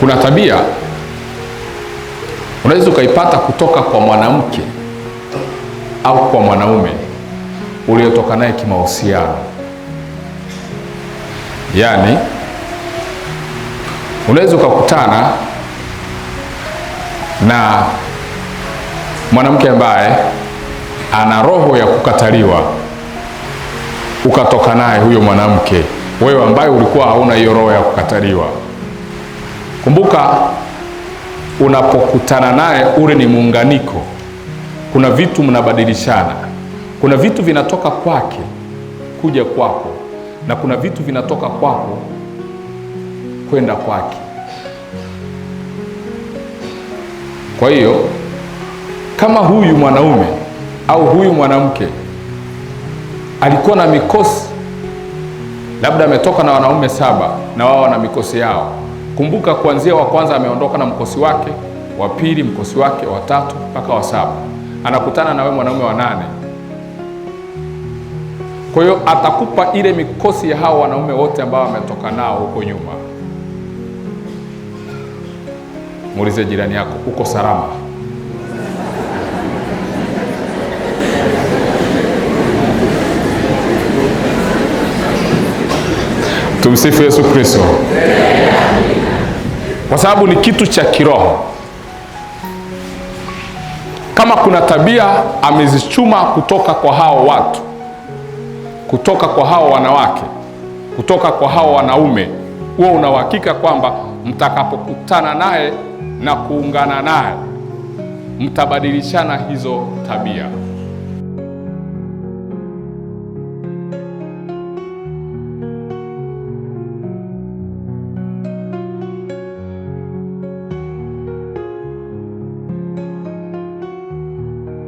Kuna tabia unaweza ukaipata kutoka kwa mwanamke au kwa mwanaume uliotoka naye kimahusiano, yaani unaweza ukakutana na mwanamke ambaye ana roho ya kukataliwa, ukatoka naye huyo mwanamke, wewe ambaye ulikuwa hauna hiyo roho ya kukataliwa Kumbuka, unapokutana naye ule ni muunganiko. Kuna vitu mnabadilishana, kuna vitu vinatoka kwake kuja kwako, na kuna vitu vinatoka kwako kwenda kwake. Kwa hiyo kama huyu mwanaume au huyu mwanamke alikuwa na mikosi, labda ametoka na wanaume saba na wao wana mikosi yao Kumbuka kuanzia wa kwanza ameondoka na mkosi wake, wa pili mkosi wake, wa tatu mpaka wa saba, anakutana na wewe mwanaume wa nane. Kwa hiyo atakupa ile mikosi ya hao wanaume wote ambao wametoka nao huko nyuma. Muulize jirani yako, uko salama? Tumsifu Yesu Kristo kwa sababu ni kitu cha kiroho. Kama kuna tabia amezichuma kutoka kwa hao watu, kutoka kwa hao wanawake, kutoka kwa hao wanaume, huwa una uhakika kwamba mtakapokutana naye na kuungana naye mtabadilishana hizo tabia.